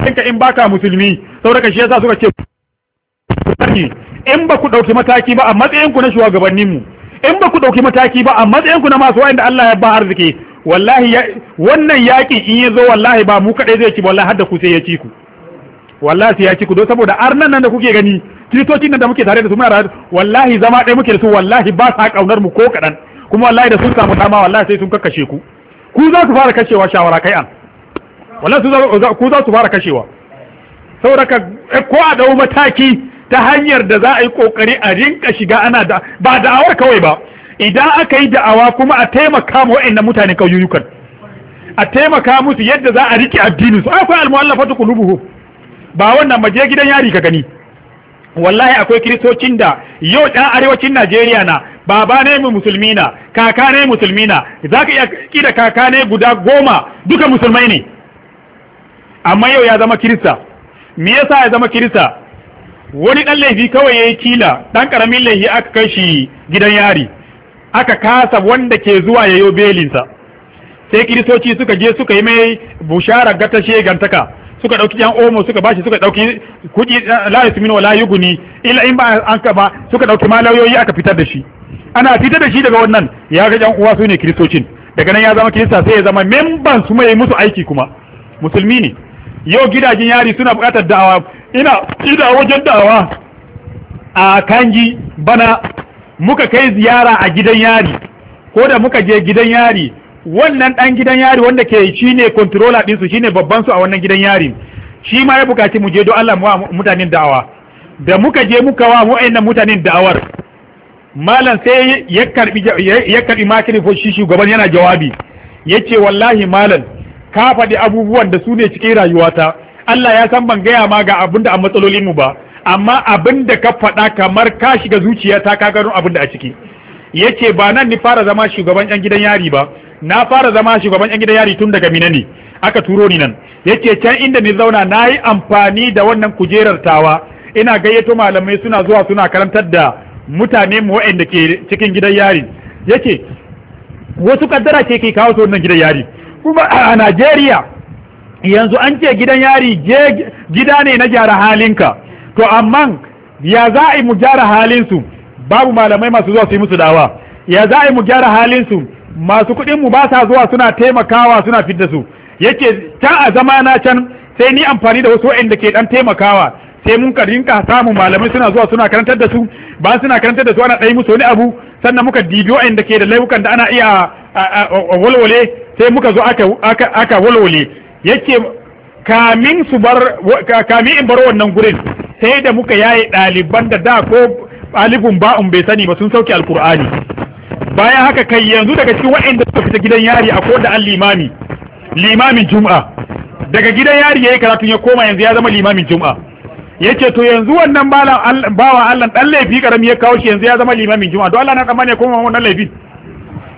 kanka in baka musulmi saboda shi yasa suka ce in ba ku ɗauki mataki ba a matsayin ku na shugabannin mu in ba ku ɗauki mataki ba a matsayin ku na masu wa'anda Allah ya ba arziki wallahi wannan yaƙi in ya zo wallahi ba mu kaɗai zai ci wallahi har da ku sai ya ci ku wallahi ya ci ku don saboda arnan nan da kuke gani kiristocin nan da muke tare da su muna rayu wallahi zama ɗaya muke da su wallahi ba sa kaunar mu ko kaɗan kuma wallahi da sun samu dama wallahi sai sun kakkashe ku ku za su fara kashewa shawara kai an wallahi ku za su fara kashewa saboda ka eh, ko a dawo mataki ta hanyar da za a yi kokari a rinka shiga ana da ba da'awar kawai ba idan aka yi da'awa kuma a taimaka ma wa'annan mutane kauyuyukan a taimaka musu yadda za a rike addinin su akwai almu'allafatu qulubuhum ba wannan maje gidan yari ka gani wallahi akwai kiristocin da yau ɗan arewacin Najeriya na baba ne mu musulmi na kaka ne musulmi na za ka iya kida kaka ne guda goma duka musulmai ne amma yau ya zama kirista me yasa ya zama kirista wani ɗan laifi kawai ya yi kila ɗan ƙaramin laifi aka kai shi gidan yari aka kasa wanda ke zuwa yayo belinsa sai kiristoci suka je suka yi mai bushara gata shegantaka suka dauki yan omo suka bashi suka dauki kudi la yasmin wala yuguni illa in ba an ka ba suka dauki lauyoyi aka fitar da shi ana fitar da shi daga wannan ya ga yan uwa su ne kristocin daga nan ya zama kirista sai ya zama memban su mai musu aiki kuma musulmi ne yau gidajen yari suna bukatar da'awa ina ida wajen da'awa a kanji bana muka kai ziyara a gidan yari ko da muka je gidan yari wannan ɗan gidan yari wanda ke shi ne controller ɗinsu shi ne babban su a wannan gidan yari shi ma ya bukaci mu je don Allah mu mutanen da'awa da muka je muka wa wa'annan mutanen da'awar malam sai ya karbi ya karbi shi shugaban yana jawabi yace wallahi malam ka faɗi abubuwan da su ne cikin rayuwata Allah ya san ban gaya ma ga abinda a matsalolin mu ba amma abin da ka faɗa kamar ka shiga zuciyata ka gano abin da a ciki yace ba nan ni fara zama shugaban yan gidan yari ba na fara zama shugaban yan gidan yari tun daga ne. aka turo ni nan yake can inda ni zauna na yi amfani da wannan kujerar tawa ina gayyato malamai suna zuwa suna karantar da mutane mu waɗanda ke cikin gidan yari yake wasu kaddara ke ke kawo su wannan gidan yari kuma a Najeriya yanzu an ce gidan yari gida ne na gyara halinka to amma ya za a yi mu gyara halinsu babu malamai masu zuwa su yi musu dawa ya za a yi mu gyara halinsu masu kuɗin mu ba sa zuwa suna taimakawa suna fidda su yake ta a zama na can sai ni amfani da wasu waɗanda ke dan taimakawa sai mun ka rinka samun malamai suna zuwa suna karantar da su ba suna karantar da su ana ɗai musu wani abu sannan muka dibi waɗanda ke da laifukan da ana iya a walwale sai muka zo aka walwale yake kamin su bar kamin in bar wannan gurin sai da muka yaye ɗaliban da da ko alifun ba'un bai sani ba sun sauke alkur'ani bayan haka kai yanzu daga cikin waɗanda suka fita gidan yari a ko da an limami limamin juma'a daga gidan yari yayi karatu ya koma yanzu ya zama limamin juma'a yace to yanzu wannan bala bawa Allah dan laifi karami ya kawo shi yanzu ya zama limamin juma'a don Allah na tsammani ya koma wannan laifi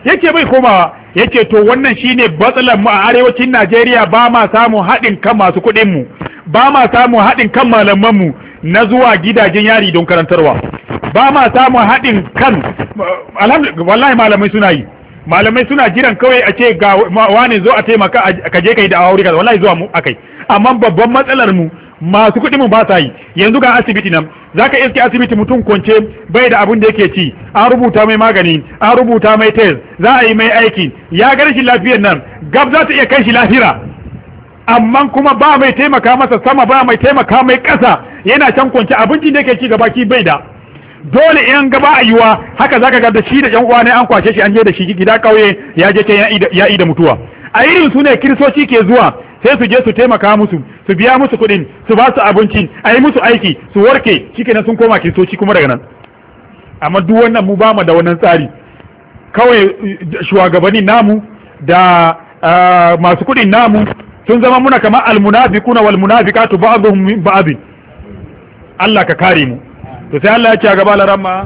yace bai komawa yace to wannan shine batsalan mu a arewacin Najeriya ba ma samun haɗin kan masu kuɗin mu ba ma samun haɗin kan malaman mu na zuwa gidajen yari don karantarwa ba ma samun haɗin kan wallahi malamai suna yi malamai suna jiran kawai a ce ga wani zo a taimaka ka je kai da aure kaza wallahi zuwa mu akai amma babban matsalar mu masu kuɗi mu ba sa yi yanzu ga asibiti nan zaka iske asibiti mutum kwance bai da abin da yake ci an rubuta mai magani an rubuta mai test za a yi mai aiki ya ga shi lafiyar nan gab za ta iya kai shi lahira amma kuma ba mai taimaka masa sama ba mai taimaka mai ƙasa yana can kwance abincin da yake ci gaba ki bai da dole in gaba a yiwa haka zaka ga da shi da yan uwa ne an kwashe shi an je da shi gida kauye ya je can ya yi da mutuwa a irin su ne kiristoci ke zuwa sai su je su taimaka musu su biya musu kuɗin su ba su abinci a yi musu aiki su warke na sun koma kirisoci kuma daga nan amma duk wannan mu ba mu da wannan tsari kawai shugabanni namu da masu kuɗin namu sun zama muna kamar almunafiquna walmunafiqatu ba'dhum min ba'd Allah ka kare mu to sai Allah ya ce a gaba larama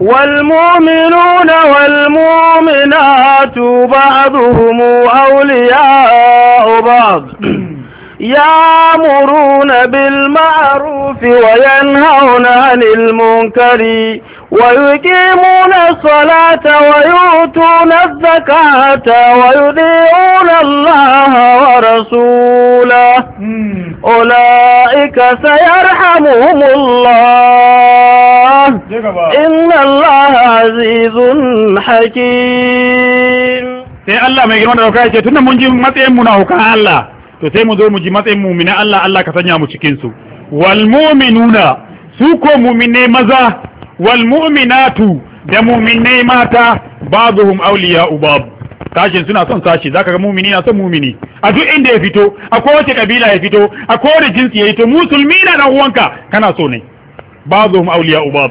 والمؤمنون والمؤمنات بعضهم أولياء بعض *clears throat* يأمرون بالمعروف وينهون عن المنكر ويقيمون الصلاة ويؤتون الزكاة ويدعون الله ورسوله أولئك سيرحمهم الله إن الله عزيز حكيم sai Allah mai girma da dauka ya ce tunda mun ji matsayin mu na hukan Allah to sai mu zo mu ji matsayin mu'mina Allah Allah ka sanya mu cikin su wal mu'minuna su ko mu'mine maza wal mu'minatu da mu'minai mata ba'dhum auliya ba'd sashin suna son sashi zaka ga mu'mini na son mu'mini a duk inda ya fito a kowace kabila ya fito a kowace jinsi ya fito musulmi na dan uwanka kana so ne auliya awliya'u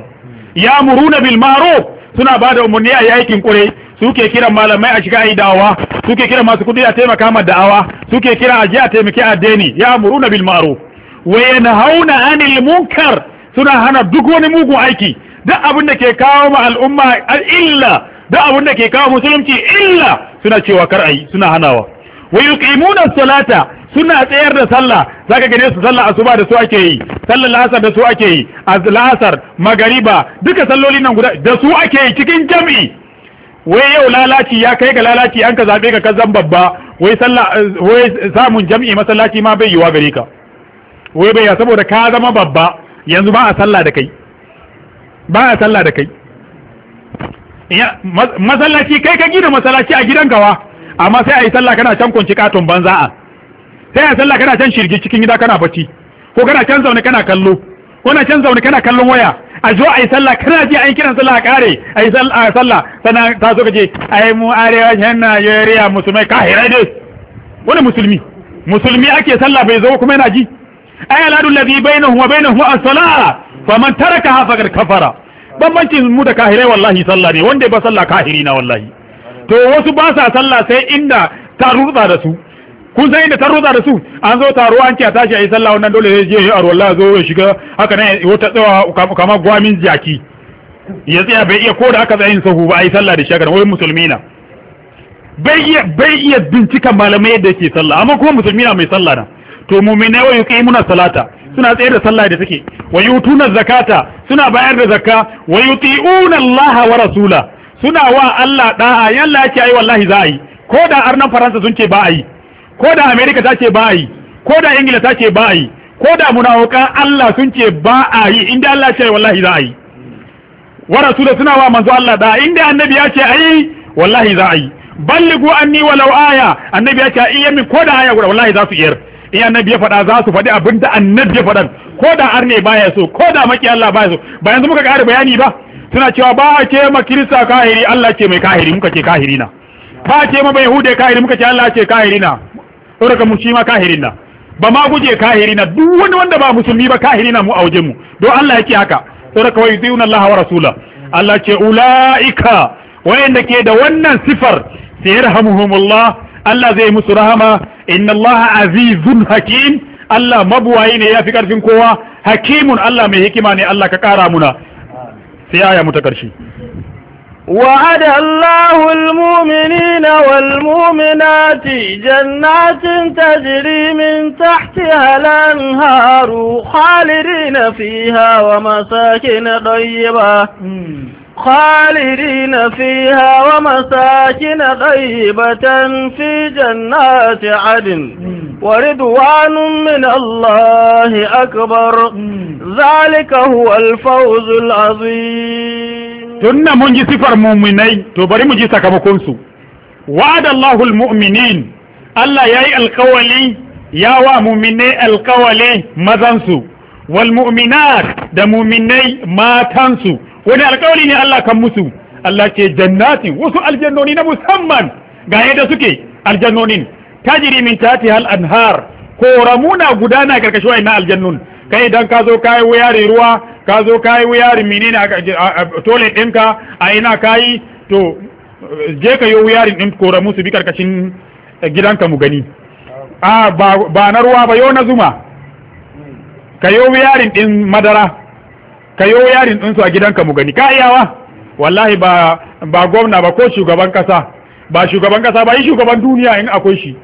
Ya ya'muruna bil ma'ruf suna bada umurni a aikin kure suke kiran malamai a shiga da'awa suke kiran masu kudi a taimaka ma da'awa suke kira a ji a taimaki addini ya'muruna bil ma'ruf wa yanhauna 'anil munkar suna hana duk wani mugun aiki duk abin da ke kawo ma al'umma illa duk abin da ke kawo musulunci illa suna cewa kar ayi suna hanawa wa yuqimuna salata suna tsayar da sallah zaka gane su sallah asuba da su ake yi sallar la'asar da su ake yi la'asar magariba duka salloli nan guda da su ake yi cikin jami'i wai yau lalaci ya kai ga lalaci an ka zabe ka kazan babba wai sallah wai samun jami'i masallaci ma bai yiwa gare ka wai bai ya saboda ka zama babba yanzu ba a sallah da kai ba a sallah da kai masallaci kai ka gina masallaci a gidan gawa amma sai a yi sallah kana can kunci katon banza a sai a sallah kana can shirgi cikin gida kana bacci ko kana can zaune kana kallo ko na can zaune kana kallon waya a zo a yi sallah kana ji an kiran sallah a kare a yi sallah sannan ta zo kaje ai mu arewacin Najeriya musulmai kahirai ne wani musulmi musulmi ake sallah bai zo kuma yana ji ai aladul ladhi bainahu wa bainahu as-salah faman taraka ha faqad kafara bambancin mu da kahirai wallahi sallah ne wanda ba sallah kahiri na wallahi to wasu ba sa sallah sai inda ta rutsa da su kun san inda ta rutsa da su an zo taro an ce a tashi a yi sallah wannan dole zai je ya aro wallahi zo ya shiga haka nan wata tsawa kama gwamin jaki ya tsaya bai iya koda aka tsayin sahu ba a yi sallah da shagar wai musulmi na bai iya bai iya bincika malamai yadda yake sallah amma kuma musulmi na mai sallah na to mu mu'minai wa yuqimuna salata suna tsayar da sallah da suke wa yutuna zakata suna bayar da zakka wa yuti'una Allah wa rasula suna wa Allah da'a yalla yake ai wallahi za a yi ko da arnan Faransa sun ce ba a yi ko da America ta ce ba a yi ko da Ingila ta ce ba a yi ko da munafikan Allah sun ce ba a yi inda Allah ce wallahi za a yi wa rasula suna wa manzo Allah da inda annabi ya ce ayi wallahi za a yi balligu anni walau aya annabi ya ce iya min ko da aya guda wallahi za su iyar in annabi ya faɗa za su faɗi abin da annabi ya faɗa ko da arne baya so ko da maki Allah baya so ba yanzu muka ƙara bayani ba suna cewa ba a ce ma kirista kahiri Allah ce mai kahiri muka ce kahiri na ba a ce ma bai hude kahiri muka ce Allah ce kahiri na saboda mu shi ma kahiri na ba ma guje kahiri na duk wani wanda ba musulmi ba kahiri na mu a wajen mu don Allah yake haka saboda kawai yuzuna Allah wa rasula Allah ce ulaika wayanda ke da wannan sifar sayarhamuhumullah Allah zai musu rahama inna allaha azizun hakim Allah mabuwayi ne yafi karfin kowa hakimun Allah mai hikima ne Allah ka kara muna sai aya mu ta karshe وعد الله المؤمنين والمؤمنات جنات تجري من تحتها الأنهار خالدين فيها ومساكن طيبة خالدين فيها ومساكن طيبة في جنات عدن ورضوان من الله أكبر ذلك هو الفوز العظيم تنا منجي سفر مؤمنين تبري منجي سكبكنسو وعد الله المؤمنين الله يأي القولي يا مؤمني القولي مزنسو والمؤمنات دا مؤمني ماتنسو wani alkawari ne Allah kan musu Allah ce jannati wasu aljannoni na musamman ga yadda suke aljannonin tajiri min tati hal anhar koramuna gudana karkashin wayannan aljannun kai idan ka zo kayi wuyari ruwa ka zo kayi wuyari menene a toilet ɗinka a ina kayi to je ka yi wuyarin ɗin koramu su bi karkashin eh, gidanka mu gani a ba na ruwa ba yau na zuma ka yi wuyarin ɗin madara ka yo yarin ɗinsu a gidanka mu gani ka iyawa wallahi ba ba gwamna ba ko shugaban kasa ba shugaban kasa ba yi shugaban duniya in akwai shi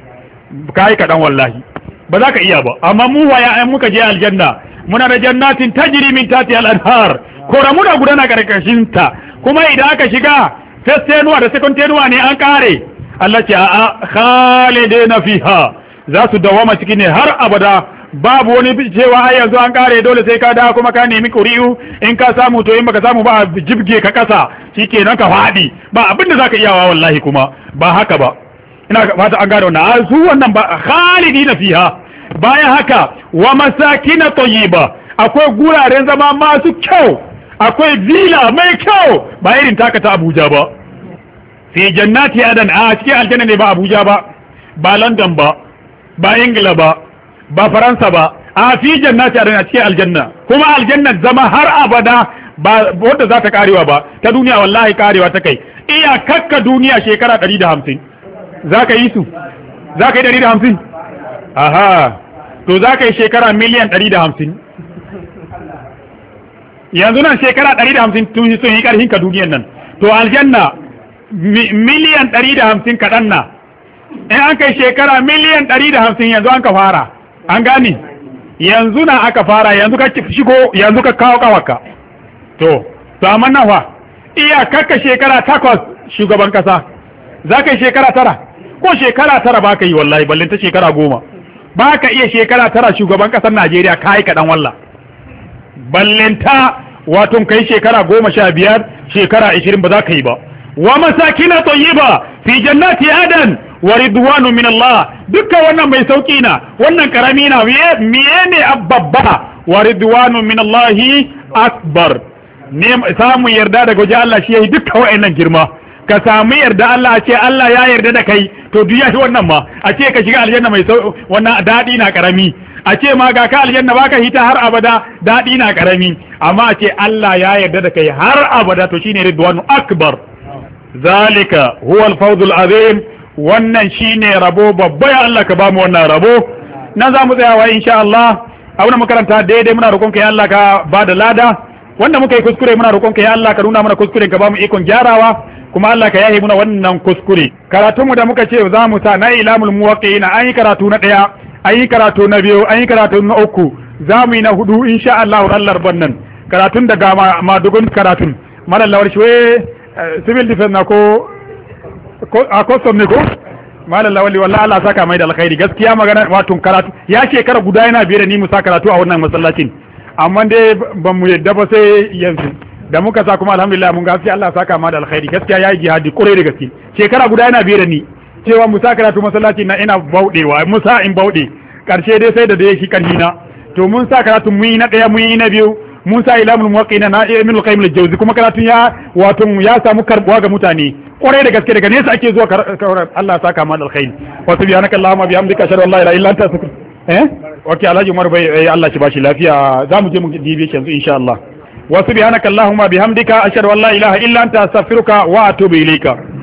ka yi kaɗan wallahi ba za ka iya ba amma mu waya an muka je aljanna muna da jannatin tajiri min tati al-anhar koramuna gudana karkashin ta kuma idan aka shiga festenuwa da tenuwa ne an kare Allah ce a khalidina fiha za su dawama cikin ne har abada babu wani cewa a yanzu an kare dole sai ka dawo kuma ka nemi kuri'u in ka samu to in baka samu ba jibge ka kasa shikenan ka fadi ba abin da zaka iyawa wallahi kuma ba haka ba ina fata an gane wannan su wannan ba khalidina fiha bayan haka wa masakina tayyiba akwai guraren zama masu kyau akwai villa mai kyau ba irin taka ta Abuja ba fi jannati adan a cikin aljanna ne ba Abuja ba ba London ba ba Ingila ba ba faransa ba a fi jannati a cikin aljanna kuma aljanna zama har abada ba wanda za ta karewa ba ta duniya wallahi karewa ta kai iya kakka duniya shekara 150 za ka yi su za ka yi 150 aha to za ka yi shekara miliyan 150 yanzu nan shekara 150 tun sun yi karhin ka duniyan nan to aljanna miliyan 150 kaɗan na in an kai shekara miliyan 150 yanzu an ka fara an gane yanzu na aka fara yanzu ka shigo yanzu ka kawo kawaka to to amma fa iya kakka shekara takwas shugaban kasa za ka yi shekara tara ko shekara tara ba ka yi wallahi ballin ta shekara goma ba ka iya shekara tara shugaban kasar najeriya ka yi kaɗan walla ballin ta wato kai shekara goma sha biyar shekara ashirin ba za ka yi ba wa masakina ba fi jannati adan wa ridwanu min Allah duka wannan mai sauki na wannan karami na miye ne babba wa ridwanu min Allah akbar ne samun yarda daga wajen Allah shi yayi duka wa'annan girma ka samu yarda Allah a ce Allah ya yarda da kai to duk ya wannan ma a ce ka shiga aljanna mai sau wannan daɗi na karami a ce ma ga ka aljanna baka hita har abada daɗi na karami amma a ce Allah ya yarda da kai har abada to shine ridwanu akbar zalika huwa al-fawzul azim wannan shi ne rabo babba ya Allah ka bamu wannan rabo nan za mu tsayawa insha Allah wani makaranta daidai muna roƙonka ya Allah ka ba da lada wanda muka yi kuskure muna roƙonka ya Allah ka nuna mana kuskure ka bamu ikon gyarawa kuma Allah ka yahi muna wannan kuskure karatunmu da muka ce za mu sa na ilamul muwaqqi'ina an yi karatu na ɗaya an yi karatu na biyu an karatu na uku za mu yi na hudu insha Allah Allah nan karatun daga madugun karatun malallawar shi eh, civil defense na ko a kwastom ne ko malam lawali wala Allah saka mai da alkhairi gaskiya magana watun karatu ya shekara guda yana biye da ni mu karatu a wannan masallacin amma dai ban mu yadda ba sai yanzu da muka sa kuma alhamdulillah mun gaskiya Allah saka mai da alkhairi gaskiya yayi jihadi kore da gaske shekara guda yana biye da ni cewa mu karatu masallaci na ina baudewa mu sa in baude karshe dai sai da dai shi karhi na to mun sa karatu mun yi na daya mun yi na biyu mun sa ilamul muwaqqina na ibnul qayyim al-jawzi kuma karatu ya watun ya samu karbuwa ga mutane kwarai da gaske daga nesa ake zuwa kawar Allah saka mal alkhairi wa subhanaka allahumma bihamdika ashhadu an la ilaha illa anta astaghfiruka eh okay alhaji umar bai eh, Allah shi bashi lafiya zamu je mu dibe shi yanzu insha Allah wa subhanaka allahumma bihamdika ashhadu an la ilaha illa anta astaghfiruka wa atubu ilayka